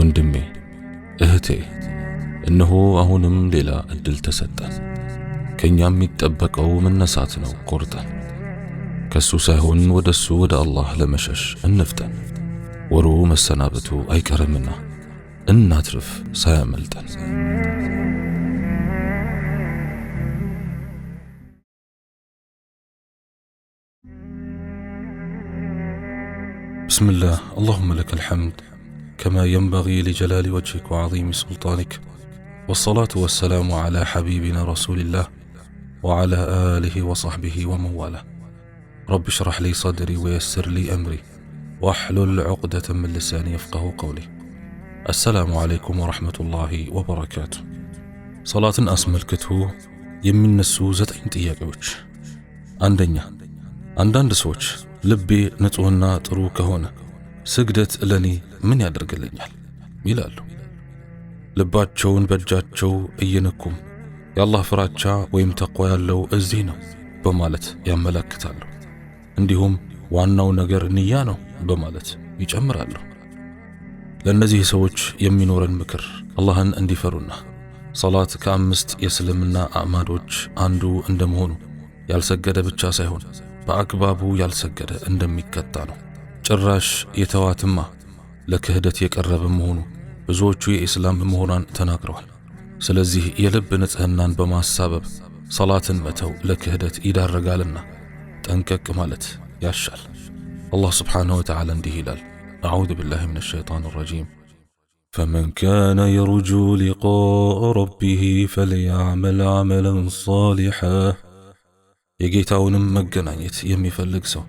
ወንድሜ፣ እህቴ፣ እነሆ አሁንም ሌላ እድል ተሰጠን። ከእኛም የሚጠበቀው መነሳት ነው። ቆርጠን ከሱ ሳይሆን ወደ እሱ ወደ አላህ ለመሸሽ እንፍጠን። ወሩ መሰናበቱ አይቀርምና እናትርፍ ሳያመልጠን። ብስምላህ አላሁመ ለከ ልሐምድ كما ينبغي لجلال وجهك وعظيم سلطانك والصلاة والسلام على حبيبنا رسول الله وعلى آله وصحبه ومن والاه رب اشرح لي صدري ويسر لي أمري واحلل عقدة من لساني يفقه قولي السلام عليكم ورحمة الله وبركاته صلاة السوزه انت يا قوش عندنا عندنا ሰዎች لبي نتونا تروك هونك ስግደት ለእኔ ምን ያደርግልኛል ይላሉ። ልባቸውን በእጃቸው እየነኩም የአላህ ፍራቻ ወይም ተቋ ያለው እዚህ ነው በማለት ያመለክታሉ። እንዲሁም ዋናው ነገር ንያ ነው በማለት ይጨምራሉ። ለእነዚህ ሰዎች የሚኖረን ምክር አላህን እንዲፈሩና ሰላት ከአምስት የእስልምና አዕማዶች አንዱ እንደመሆኑ ያልሰገደ ብቻ ሳይሆን በአግባቡ ያልሰገደ እንደሚቀጣ ነው። ጭራሽ የተዋትማ ለክህደት የቀረበ መሆኑ ብዙዎቹ የኢስላም ምሁራን ተናግረዋል። ስለዚህ የልብ ንጽህናን በማሳበብ ሰላትን መተው ለክህደት ይዳረጋልና ጠንቀቅ ማለት ያሻል። አላህ ስብሓንሁ ወተዓላ እንዲህ ይላል፣ አዑዙ ቢላሂ ሚነ ሸይጣን ረጂም ፈመን ካነ የርጁ ሊቃአ ረቢህ ፈልያዕመል ዓመለን ሳሊሓ የጌታውንም መገናኘት የሚፈልግ ሰው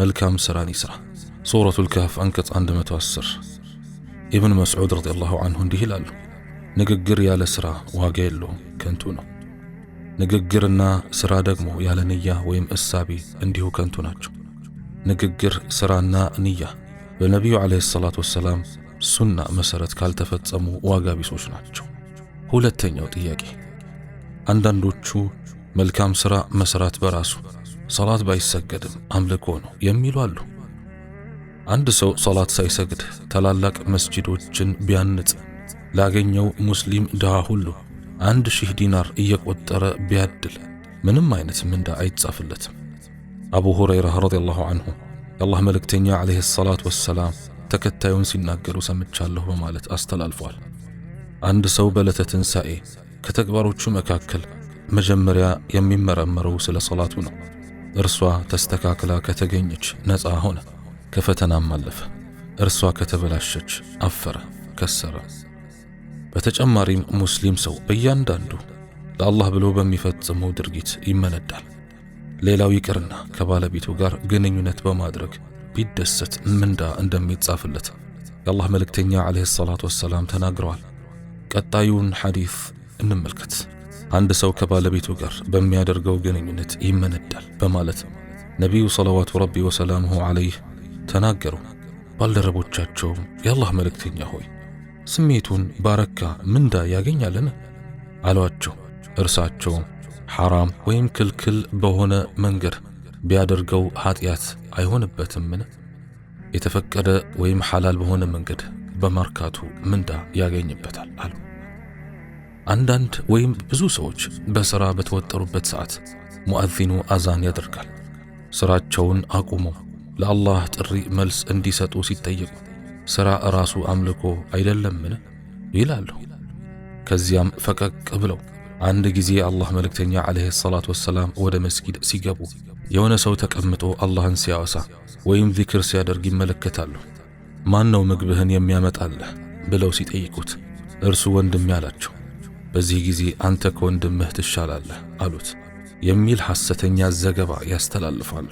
መልካም ሥራን ይሥራ። ሱረቱል ካህፍ አንቀጽ 110 ኢብን መስዑድ ረዲየላሁ አንሁ እንዲህ ይላሉ፣ ንግግር ያለ ስራ ዋጋ የለውም፣ ከንቱ ነው። ንግግርና ስራ ደግሞ ያለ ንያ ወይም እሳቤ እንዲሁ ከንቱ ናቸው። ንግግር፣ ስራና ንያ በነቢዩ ዓለይሂ ሰላቱ ወሰላም ሱና መሰረት ካልተፈጸሙ ዋጋ ቢሶች ናቸው። ሁለተኛው ጥያቄ አንዳንዶቹ መልካም ስራ መስራት በራሱ ሰላት ባይሰገድም አምልኮ ነው የሚሉ አሉ። አንድ ሰው ሶላት ሳይሰግድ ታላላቅ መስጂዶችን ቢያንጽ ላገኘው ሙስሊም ድሃ ሁሉ አንድ ሺህ ዲናር እየቆጠረ ቢያድል ምንም አይነት ምንዳ አይጻፍለትም። አቡ ሁረይራ ረዲየላሁ አንሁ የአላህ መልእክተኛ ዓለይሂ ሰላት ወሰላም ተከታዩን ሲናገሩ ሰምቻለሁ በማለት አስተላልፏል። አንድ ሰው በዕለተ ትንሣኤ ከተግባሮቹ መካከል መጀመሪያ የሚመረመረው ስለ ሶላቱ ነው። እርሷ ተስተካክላ ከተገኘች ነፃ ሆነ። ከፈተናም አለፈ። እርሷ ከተበላሸች አፈረ፣ ከሰረ። በተጨማሪም ሙስሊም ሰው እያንዳንዱ ለአላህ ብሎ በሚፈጽመው ድርጊት ይመነዳል። ሌላው ይቅርና ከባለቤቱ ጋር ግንኙነት በማድረግ ቢደሰት ምንዳ እንደሚጻፍለት የአላህ መልእክተኛ ዓለይሂ ሰላቱ ወሰላም ተናግረዋል። ቀጣዩን ሐዲስ እንመልከት። አንድ ሰው ከባለቤቱ ጋር በሚያደርገው ግንኙነት ይመነዳል በማለት ነቢዩ ሰለዋቱ ረቢ ወሰላሙሁ ዓለይህ ተናገሩ። ባልደረቦቻቸውም የአላህ መልእክተኛ ሆይ ስሜቱን ባረካ ምንዳ ያገኛልን አሏቸው። እርሳቸውም ሐራም ወይም ክልክል በሆነ መንገድ ቢያደርገው ኀጢአት አይሆንበትምን? የተፈቀደ ወይም ሐላል በሆነ መንገድ በማርካቱ ምንዳ ያገኝበታል አሉ። አንዳንድ ወይም ብዙ ሰዎች በሥራ በተወጠሩበት ሰዓት ሙአዚኑ አዛን ያደርጋል። ሥራቸውን አቁመው ለአላህ ጥሪ መልስ እንዲሰጡ ሲጠየቁ ሥራ ራሱ አምልኮ አይደለምን ይላሉ። ከዚያም ፈቀቅ ብለው አንድ ጊዜ አላህ መልእክተኛ ዓለይሂ ሰላቱ ወሰላም ወደ መስጊድ ሲገቡ የሆነ ሰው ተቀምጦ አላህን ሲያወሳ ወይም ዚክር ሲያደርግ ይመለከታሉ። ማን ነው ምግብህን የሚያመጣልህ ብለው ሲጠይቁት እርሱ ወንድሜ አላቸው። በዚህ ጊዜ አንተ ከወንድምህ ትሻላለህ አሉት የሚል ሐሰተኛ ዘገባ ያስተላልፋሉ።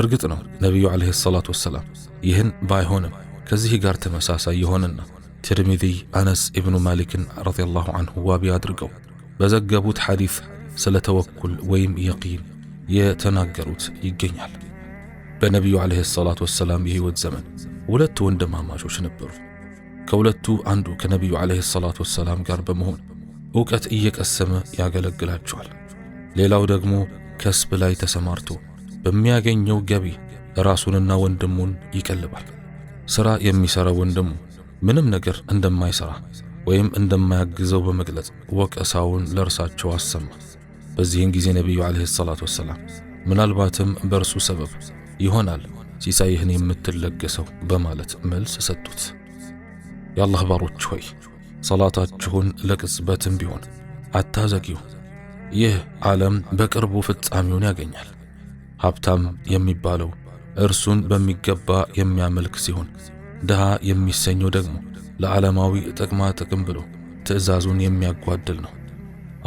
እርግጥ ነው ነቢዩ ዓለይሂ ሰላቱ ወሰላም ይህን ባይሆንም ከዚህ ጋር ተመሳሳይ የሆነና ትርሚዚ አነስ ኢብኑ ማሊክን ረዲየላሁ አንሁ ዋቢ አድርገው በዘገቡት ሐዲፍ ስለ ተወኩል ወይም የቂን የተናገሩት ይገኛል። በነቢዩ ዓለይሂ ሰላቱ ወሰላም የሕይወት ዘመን ሁለት ወንድማማቾች ነበሩ። ከሁለቱ አንዱ ከነቢዩ ዓለይሂ ሰላቱ ወሰላም ጋር በመሆን እውቀት እየቀሰመ ያገለግላቸዋል። ሌላው ደግሞ ከስብ ላይ ተሰማርቶ በሚያገኘው ገቢ ራሱንና ወንድሙን ይቀልባል። ሥራ የሚሠራ ወንድሙ ምንም ነገር እንደማይሠራ ወይም እንደማያግዘው በመግለጽ ወቀሳውን ለእርሳቸው አሰማ። በዚህም ጊዜ ነቢዩ ዓለይሂ ሰላቱ ወሰላም ምናልባትም በእርሱ ሰበብ ይሆናል ሲሳይህን የምትለገሰው በማለት መልስ ሰጡት። የአላህ ባሮች ሆይ ሰላታችሁን ለቅጽበትም ቢሆን አታዘጊው። ይህ ዓለም በቅርቡ ፍጻሜውን ያገኛል። ሀብታም የሚባለው እርሱን በሚገባ የሚያመልክ ሲሆን ድሃ የሚሰኘው ደግሞ ለዓለማዊ ጥቅማ ጥቅም ብሎ ትዕዛዙን የሚያጓድል ነው።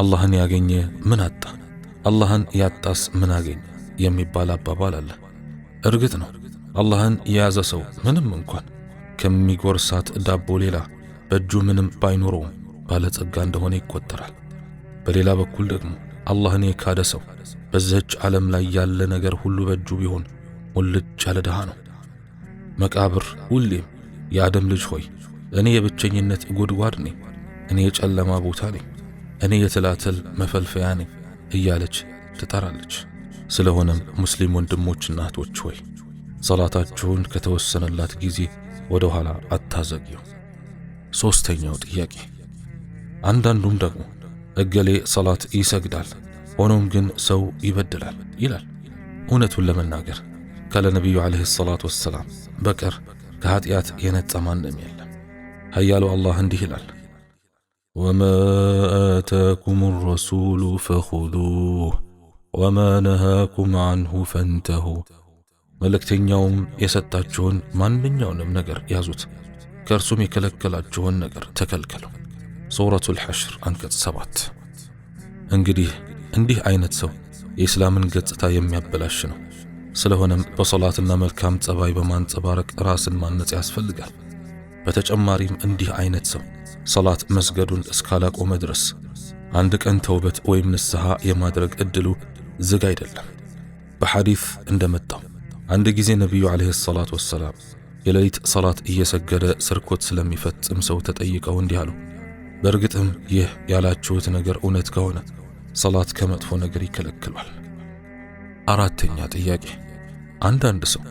አላህን ያገኘ ምን አጣ፣ አላህን ያጣስ ምን አገኘ የሚባል አባባል አለ። እርግጥ ነው አላህን የያዘ ሰው ምንም እንኳን ከሚጎርሳት ዳቦ ሌላ በእጁ ምንም ባይኖረውም ባለጸጋ እንደሆነ ይቆጠራል። በሌላ በኩል ደግሞ አላህን የካደ ሰው በዚህች ዓለም ላይ ያለ ነገር ሁሉ በእጁ ቢሆን ሙልጭ ያለ ድሃ ነው። መቃብር ሁሌም የአደም ልጅ ሆይ እኔ የብቸኝነት ጉድጓድ ነኝ፣ እኔ የጨለማ ቦታ ነኝ፣ እኔ የትላትል መፈልፈያ ነኝ እያለች ትጠራለች። ስለሆነም ሙስሊም ወንድሞችና እህቶች ሆይ ሰላታችሁን ከተወሰነላት ጊዜ ወደ ኋላ አታዘግዩ። ሦስተኛው ጥያቄ አንዳንዱም ደግሞ እገሌ ሰላት ይሰግዳል፣ ሆኖም ግን ሰው ይበድላል ይላል። እውነቱን ለመናገር ካለነቢዩ ዓለይሂ ሰላት ወሰላም በቀር ከኀጢአት የነጻ ማንም የለም። ኃያሉ አላህ እንዲህ ይላል፣ ወማ አታኩም ረሱሉ ፈኹዱህ ወማ ነሃኩም አንሁ ፈንተሁ፣ መልእክተኛውም የሰጣችሁን ማንኛውንም ነገር ያዙት፣ ከእርሱም የከለከላችሁን ነገር ተከልከሉ። ሱረቱል ሐሽር አንቀጽ ሰባት እንግዲህ እንዲህ አይነት ሰው የእስላምን ገጽታ የሚያበላሽ ነው። ስለሆነም በሰላትና መልካም ጸባይ በማንጸባረቅ ራስን ማነጽ ያስፈልጋል። በተጨማሪም እንዲህ አይነት ሰው ሰላት መስገዱን እስካላቆመ ድረስ አንድ ቀን ተውበት ወይም ንስሐ የማድረግ እድሉ ዝግ አይደለም። በሐዲፍ እንደመጣው አንድ ጊዜ ነቢዩ ዓለይሂ ሰላት ወሰላም የሌሊት ሰላት እየሰገደ ስርኮት ስለሚፈጽም ሰው ተጠይቀው እንዲህ አሉ። በእርግጥም ይህ ያላችሁት ነገር እውነት ከሆነ ሰላት ከመጥፎ ነገር ይከለክሏል። አራተኛ ጥያቄ፣ አንዳንድ ሰው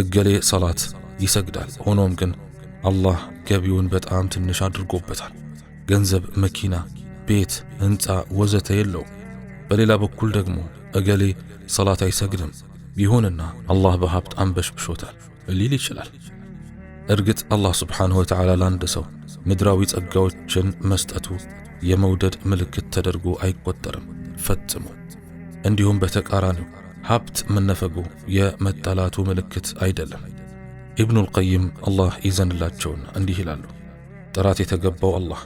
እገሌ ሰላት ይሰግዳል፣ ሆኖም ግን አላህ ገቢውን በጣም ትንሽ አድርጎበታል። ገንዘብ፣ መኪና፣ ቤት፣ ሕንፃ ወዘተ የለውም። በሌላ በኩል ደግሞ እገሌ ሰላት አይሰግድም፣ ቢሆንና አላህ በሀብት አንበሽብሾታል ሊል ይችላል። እርግጥ አላህ ስብሓንሁ ወተዓላ ለአንድ ሰው ምድራዊ ጸጋዎችን መስጠቱ የመውደድ ምልክት ተደርጎ አይቆጠርም ፈጽሞ። እንዲሁም በተቃራኒው ሀብት መነፈጉ የመጠላቱ ምልክት አይደለም። ኢብኑል ቀይም አላህ ይዘንላቸውና እንዲህ ይላሉ። ጥራት የተገባው አላህ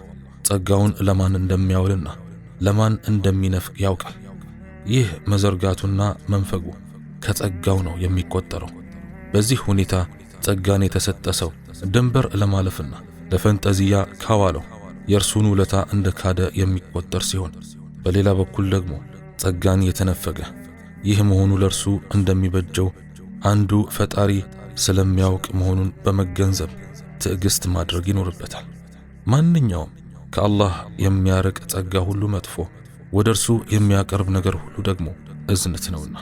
ጸጋውን ለማን እንደሚያውልና ለማን እንደሚነፍቅ ያውቃል። ይህ መዘርጋቱና መንፈጉ ከጸጋው ነው የሚቆጠረው። በዚህ ሁኔታ ጸጋን የተሰጠ ሰው ድንበር ለማለፍና ለፈንጠዚያ ካዋለው የእርሱን ውለታ እንደ ካደ የሚቆጠር ሲሆን፣ በሌላ በኩል ደግሞ ጸጋን የተነፈገ ይህ መሆኑ ለእርሱ እንደሚበጀው አንዱ ፈጣሪ ስለሚያውቅ መሆኑን በመገንዘብ ትዕግሥት ማድረግ ይኖርበታል። ማንኛውም ከአላህ የሚያርቅ ጸጋ ሁሉ መጥፎ፣ ወደ እርሱ የሚያቀርብ ነገር ሁሉ ደግሞ እዝነት ነውና።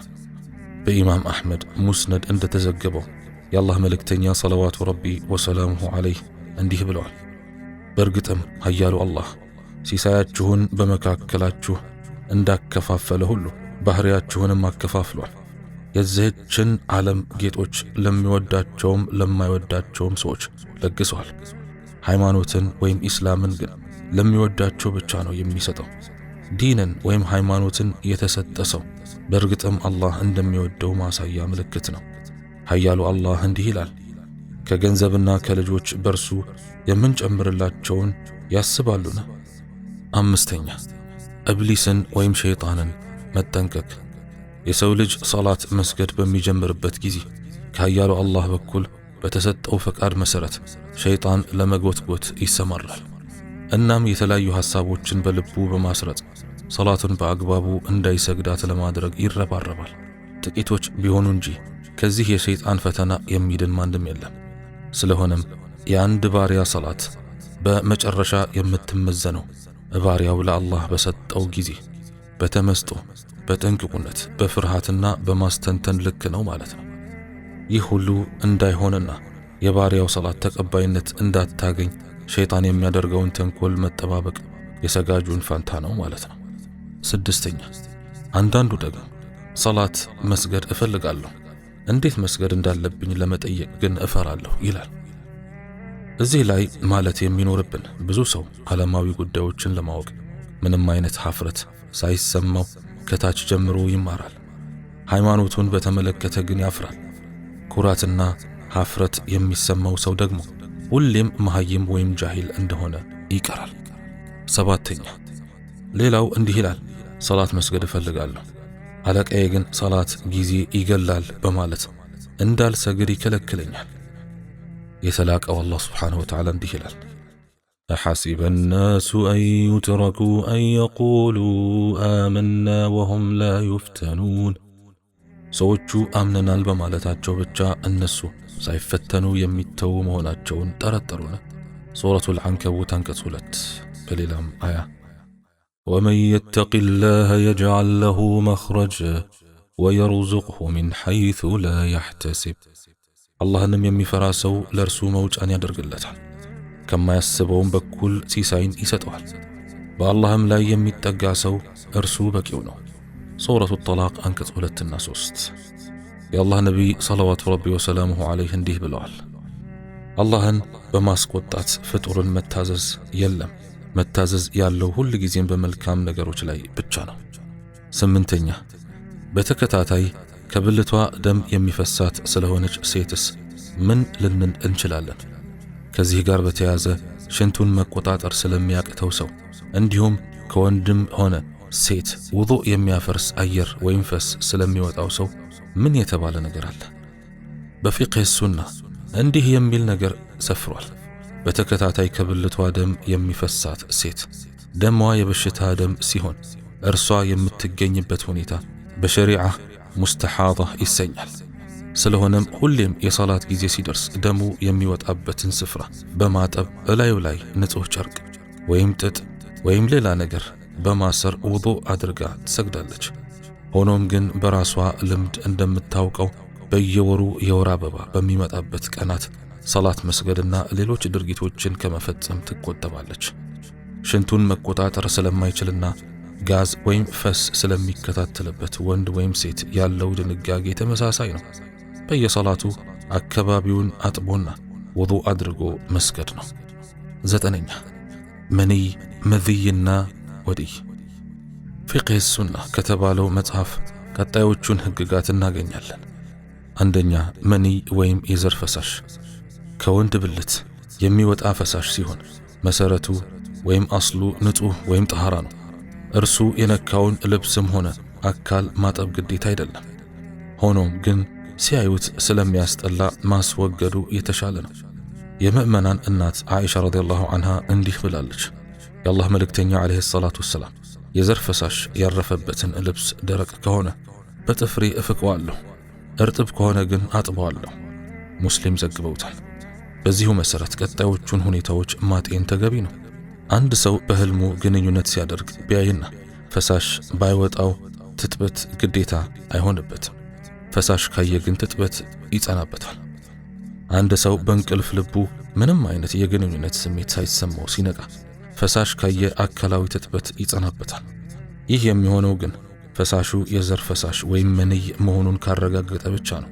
በኢማም አሕመድ ሙስነድ እንደተዘገበው የአላህ መልእክተኛ ሰለዋቱ ረቢ ወሰላሙሁ ዓለይህ እንዲህ ብለዋል። በእርግጥም ኃያሉ አላህ ሲሳያችሁን በመካከላችሁ እንዳከፋፈለ ሁሉ ባሕርያችሁንም አከፋፍሏል። የዚህችን ዓለም ጌጦች ለሚወዳቸውም ለማይወዳቸውም ሰዎች ለግሰዋል። ሃይማኖትን ወይም ኢስላምን ግን ለሚወዳቸው ብቻ ነው የሚሰጠው። ዲንን ወይም ሃይማኖትን የተሰጠ ሰው በእርግጥም አላህ እንደሚወደው ማሳያ ምልክት ነው። ኃያሉ አላህ እንዲህ ይላል ከገንዘብና ከልጆች በርሱ የምንጨምርላቸውን ያስባሉን። አምስተኛ እብሊስን ወይም ሸይጣንን መጠንቀቅ። የሰው ልጅ ሰላት መስገድ በሚጀምርበት ጊዜ ከኃያሉ አላህ በኩል በተሰጠው ፈቃድ መሠረት ሸይጣን ለመጎትጎት ይሰማራል። እናም የተለያዩ ሐሳቦችን በልቡ በማስረጽ ሰላቱን በአግባቡ እንዳይሰግዳት ለማድረግ ይረባረባል። ጥቂቶች ቢሆኑ እንጂ ከዚህ የሸይጣን ፈተና የሚድን ማንም የለም። ስለሆነም የአንድ ባሪያ ሰላት በመጨረሻ የምትመዘነው ባሪያው ለአላህ በሰጠው ጊዜ በተመስጦ በጥንቅቁነት በፍርሃትና በማስተንተን ልክ ነው ማለት ነው። ይህ ሁሉ እንዳይሆንና የባሪያው ሰላት ተቀባይነት እንዳታገኝ ሸይጣን የሚያደርገውን ተንኮል መጠባበቅ የሰጋጁን ፈንታ ነው ማለት ነው። ስድስተኛ አንዳንዱ ደግሞ ሰላት መስገድ እፈልጋለሁ እንዴት መስገድ እንዳለብኝ ለመጠየቅ ግን እፈራለሁ ይላል። እዚህ ላይ ማለት የሚኖርብን ብዙ ሰው ዓለማዊ ጉዳዮችን ለማወቅ ምንም አይነት ሐፍረት ሳይሰማው ከታች ጀምሮ ይማራል። ሃይማኖቱን በተመለከተ ግን ያፍራል። ኩራትና ሐፍረት የሚሰማው ሰው ደግሞ ሁሌም መሐይም ወይም ጃሂል እንደሆነ ይቀራል። ሰባተኛ ሌላው እንዲህ ይላል፣ ሰላት መስገድ እፈልጋለሁ አለቃዬ ግን ሰላት ጊዜ ይገላል በማለት እንዳልሰግድ ይከለክለኛል። የተላቀው አላህ ስብሓነሁ ወተዓላ እንዲህ ይላል أحسب الناس أن يتركوا أن يقولوا آمنا وهم لا يفتنون ሰዎቹ አምነናል በማለታቸው ብቻ እነሱ ሳይፈተኑ የሚተዉ መሆናቸውን ጠረጠሩን። ሱረቱል ዐንከቡት አንቀጽ ሁለት በሌላም አያ ومن يتق الله يجعل له مخرجا ወየሩዙቅሁ ሚን ሐይቱ ላ ያሕተሲብ አላህንም የሚፈራ ሰው ለእርሱ መውጫን ያደርግለታል፣ ከማያስበውም በኩል ሲሳይን ይሰጠዋል። በአላህም ላይ የሚጠጋ ሰው እርሱ በቂው ነው። ሱረቱ ጠላቅ አንቀጽ ሁለትና ሶስት የአላህ ነቢይ ሰለዋቱ ረቢ ወሰላሙሁ ዐለይህ እንዲህ ብለዋል፣ አላህን በማስቆጣት ፍጡርን መታዘዝ የለም። መታዘዝ ያለው ሁል ጊዜም በመልካም ነገሮች ላይ ብቻ ነው። ስምንተኛ በተከታታይ ከብልቷ ደም የሚፈሳት ስለሆነች ሴትስ ምን ልንል እንችላለን? ከዚህ ጋር በተያያዘ ሽንቱን መቆጣጠር ስለሚያቅተው ሰው እንዲሁም ከወንድም ሆነ ሴት ውዱእ የሚያፈርስ አየር ወይም ፈስ ስለሚወጣው ሰው ምን የተባለ ነገር አለ? በፊቅህ ሱና እንዲህ የሚል ነገር ሰፍሯል። በተከታታይ ከብልቷ ደም የሚፈሳት ሴት ደሟ የበሽታ ደም ሲሆን እርሷ የምትገኝበት ሁኔታ በሸሪዓ ሙስተሓዳ ይሰኛል። ስለሆነም ሁሌም የሰላት ጊዜ ሲደርስ ደሙ የሚወጣበትን ስፍራ በማጠብ እላዩ ላይ ንጹሕ ጨርቅ ወይም ጥጥ ወይም ሌላ ነገር በማሰር ውዱእ አድርጋ ትሰግዳለች። ሆኖም ግን በራሷ ልምድ እንደምታውቀው በየወሩ የወር አበባ በሚመጣበት ቀናት ሰላት መስገድና ሌሎች ድርጊቶችን ከመፈጸም ትቆጠባለች። ሽንቱን መቆጣጠር ስለማይችልና ጋዝ ወይም ፈስ ስለሚከታተልበት ወንድ ወይም ሴት ያለው ድንጋጌ ተመሳሳይ ነው። በየሰላቱ አካባቢውን አጥቦና ውዱእ አድርጎ መስገድ ነው። ዘጠነኛ መንይ መዝይና ወዲይ ፊቅህ ሱና ከተባለው መጽሐፍ ቀጣዮቹን ሕግጋት እናገኛለን። አንደኛ መንይ ወይም የዘር ፈሳሽ ከወንድ ብልት የሚወጣ ፈሳሽ ሲሆን መሰረቱ ወይም አስሉ ንጹሕ ወይም ጠሃራ ነው። እርሱ የነካውን ልብስም ሆነ አካል ማጠብ ግዴታ አይደለም። ሆኖም ግን ሲያዩት ስለሚያስጠላ ማስወገዱ የተሻለ ነው። የምዕመናን እናት አኢሻ ረዲየላሁ አንሃ እንዲህ ብላለች። የአላህ መልእክተኛ ዓለይሂ ሰላቱ ወሰላም የዘር ፈሳሽ ያረፈበትን ልብስ ደረቅ ከሆነ በጥፍሬ እፍቀዋለሁ፣ እርጥብ ከሆነ ግን አጥበዋለሁ። ሙስሊም ዘግበውታል። በዚሁ መሰረት ቀጣዮቹን ሁኔታዎች ማጤን ተገቢ ነው። አንድ ሰው በህልሙ ግንኙነት ሲያደርግ ቢያይና ፈሳሽ ባይወጣው ትጥበት ግዴታ አይሆንበትም። ፈሳሽ ካየ ግን ትጥበት ይጸናበታል። አንድ ሰው በእንቅልፍ ልቡ ምንም አይነት የግንኙነት ስሜት ሳይሰማው ሲነቃ ፈሳሽ ካየ አካላዊ ትጥበት ይጸናበታል። ይህ የሚሆነው ግን ፈሳሹ የዘር ፈሳሽ ወይም መንይ መሆኑን ካረጋገጠ ብቻ ነው።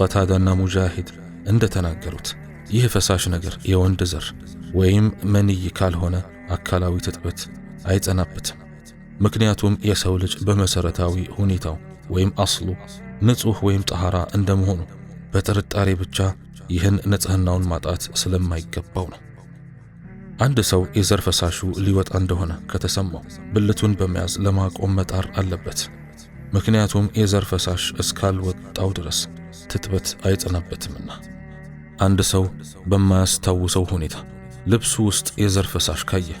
ቀታዳና ሙጃሂድ እንደተናገሩት ይህ ፈሳሽ ነገር የወንድ ዘር ወይም መንይ ካልሆነ አካላዊ ትጥበት አይጸናበትም። ምክንያቱም የሰው ልጅ በመሰረታዊ ሁኔታው ወይም አስሉ ንጹሕ ወይም ጠሃራ እንደመሆኑ በጥርጣሬ ብቻ ይህን ንጽህናውን ማጣት ስለማይገባው ነው። አንድ ሰው የዘር ፈሳሹ ሊወጣ እንደሆነ ከተሰማው ብልቱን በመያዝ ለማቆም መጣር አለበት። ምክንያቱም የዘር ፈሳሽ እስካልወጣው ድረስ ትጥበት አይጸናበትምና። አንድ ሰው በማያስታውሰው ሁኔታ ልብሱ ውስጥ የዘር ፈሳሽ ካየ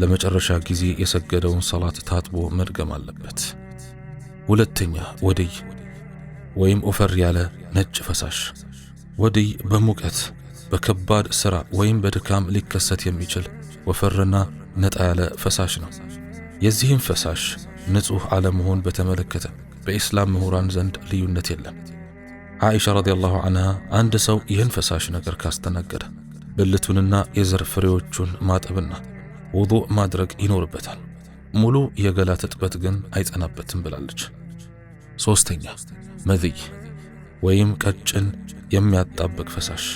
ለመጨረሻ ጊዜ የሰገደውን ሰላት ታጥቦ መድገም አለበት። ሁለተኛ ወድይ ወይም ኦፈር ያለ ነጭ ፈሳሽ። ወድይ በሙቀት በከባድ ሥራ ወይም በድካም ሊከሰት የሚችል ወፈርና ነጣ ያለ ፈሳሽ ነው። የዚህም ፈሳሽ ንጹሕ አለመሆን በተመለከተ በኢስላም ምሁራን ዘንድ ልዩነት የለም። አኢሻ ረዲያላሁ አንሃ አንድ ሰው ይህን ፈሳሽ ነገር ካስተናገደ ብልቱንና የዘር ፍሬዎቹን ማጠብና ውዱእ ማድረግ ይኖርበታል። ሙሉ የገላ ትጥበት ግን አይጸናበትም ብላለች። ሦስተኛ መዝይ ወይም ቀጭን የሚያጣብቅ ፈሳሽ።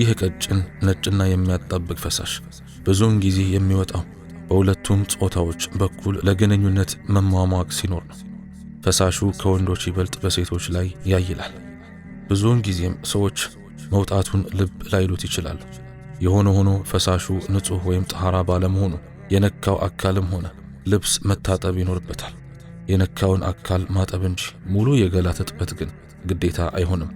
ይህ ቀጭን ነጭና የሚያጣብቅ ፈሳሽ ብዙውን ጊዜ የሚወጣው በሁለቱም ጾታዎች በኩል ለግንኙነት መሟሟቅ ሲኖር ነው። ፈሳሹ ከወንዶች ይበልጥ በሴቶች ላይ ያይላል። ብዙውን ጊዜም ሰዎች መውጣቱን ልብ ላይሉት ይችላል። የሆነ ሆኖ ፈሳሹ ንጹሕ ወይም ጠሃራ ባለመሆኑ የነካው አካልም ሆነ ልብስ መታጠብ ይኖርበታል። የነካውን አካል ማጠብ እንጂ ሙሉ የገላ ትጥበት ግን ግዴታ አይሆንም።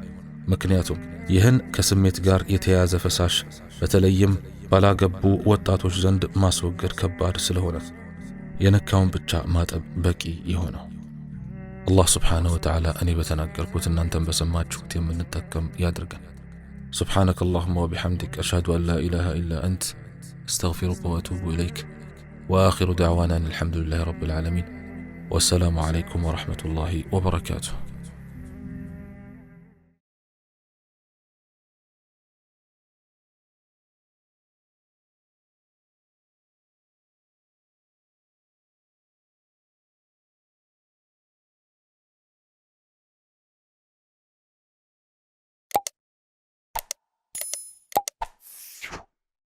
ምክንያቱም ይህን ከስሜት ጋር የተያያዘ ፈሳሽ በተለይም ባላገቡ ወጣቶች ዘንድ ማስወገድ ከባድ ስለሆነ የነካውን ብቻ ማጠብ በቂ የሆነው الله سبحانه وتعالى أني بتنقل كنت أن أنت بسما تشكتي من التكم يا درقن سبحانك اللهم وبحمدك أشهد أن لا إله إلا أنت استغفرك وأتوب إليك وآخر دعوانا الحمد لله رب العالمين والسلام عليكم ورحمة الله وبركاته